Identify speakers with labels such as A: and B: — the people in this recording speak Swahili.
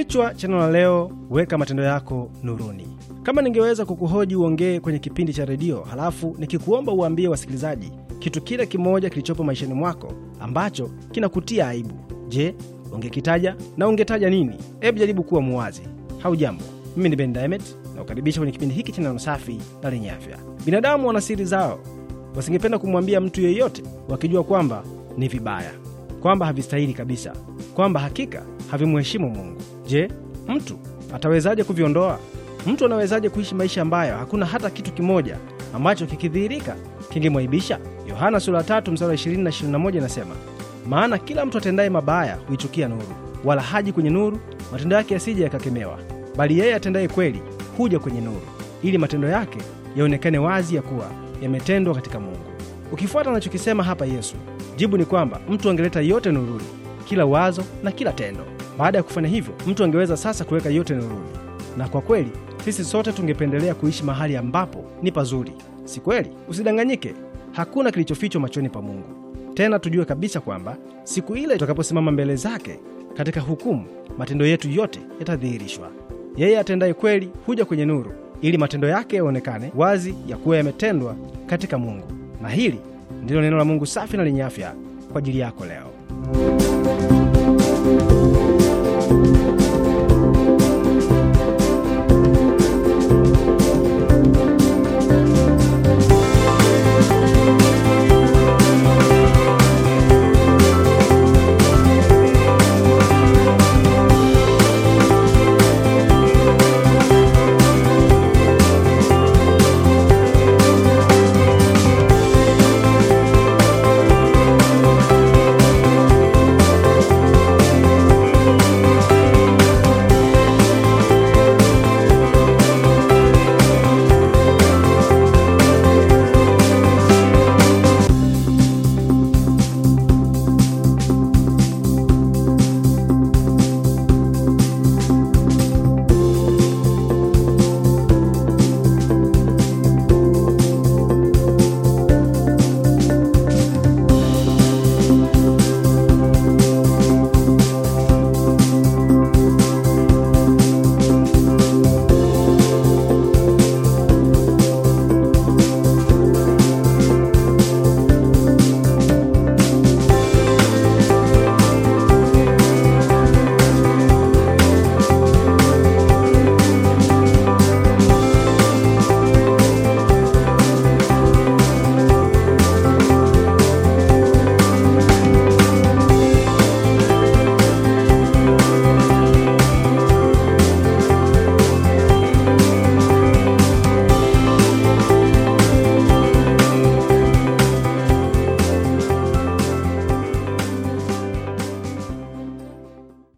A: Kichwa cha neno la leo, weka matendo yako nuruni. Kama ningeweza kukuhoji uongee kwenye kipindi cha redio, halafu nikikuomba uwaambie wasikilizaji kitu kila kimoja kilichopo maishani mwako ambacho kinakutia aibu, je, ungekitaja na ungetaja nini? Hebu jaribu kuwa muwazi. Haujambo, mimi ni Ben Diamond na ukaribisha kwenye kipindi hiki cha neno safi na lenye afya. Binadamu wana siri zao, wasingependa kumwambia mtu yeyote, wakijua kwamba ni vibaya, kwamba havistahili kabisa, kwamba hakika havimheshimu Mungu. Je, mtu atawezaje kuviondoa? Mtu anawezaje kuishi maisha ambayo hakuna hata kitu kimoja ambacho kikidhihirika kingemwaibisha? Yohana sura tatu mstari wa ishirini na moja inasema, maana kila mtu atendaye mabaya huichukia nuru, wala haji kwenye nuru matendo yake yasije yakakemewa, bali yeye atendaye kweli huja kwenye nuru, ili matendo yake yaonekane wazi ya kuwa yametendwa katika Mungu. Ukifuata anachokisema hapa Yesu, jibu ni kwamba mtu angeleta yote nuruni, kila wazo na kila tendo. Baada ya kufanya hivyo, mtu angeweza sasa kuweka yote nuruni, na kwa kweli sisi sote tungependelea kuishi mahali ambapo ni pazuri, si kweli? Usidanganyike, hakuna kilichofichwa machoni pa Mungu. Tena tujue kabisa kwamba siku ile tutakaposimama mbele zake katika hukumu, matendo yetu yote yatadhihirishwa. Yeye atendaye kweli huja kwenye nuru, ili matendo yake yaonekane wazi ya kuwa yametendwa katika Mungu. Na hili ndilo neno la Mungu safi na lenye afya kwa ajili yako leo.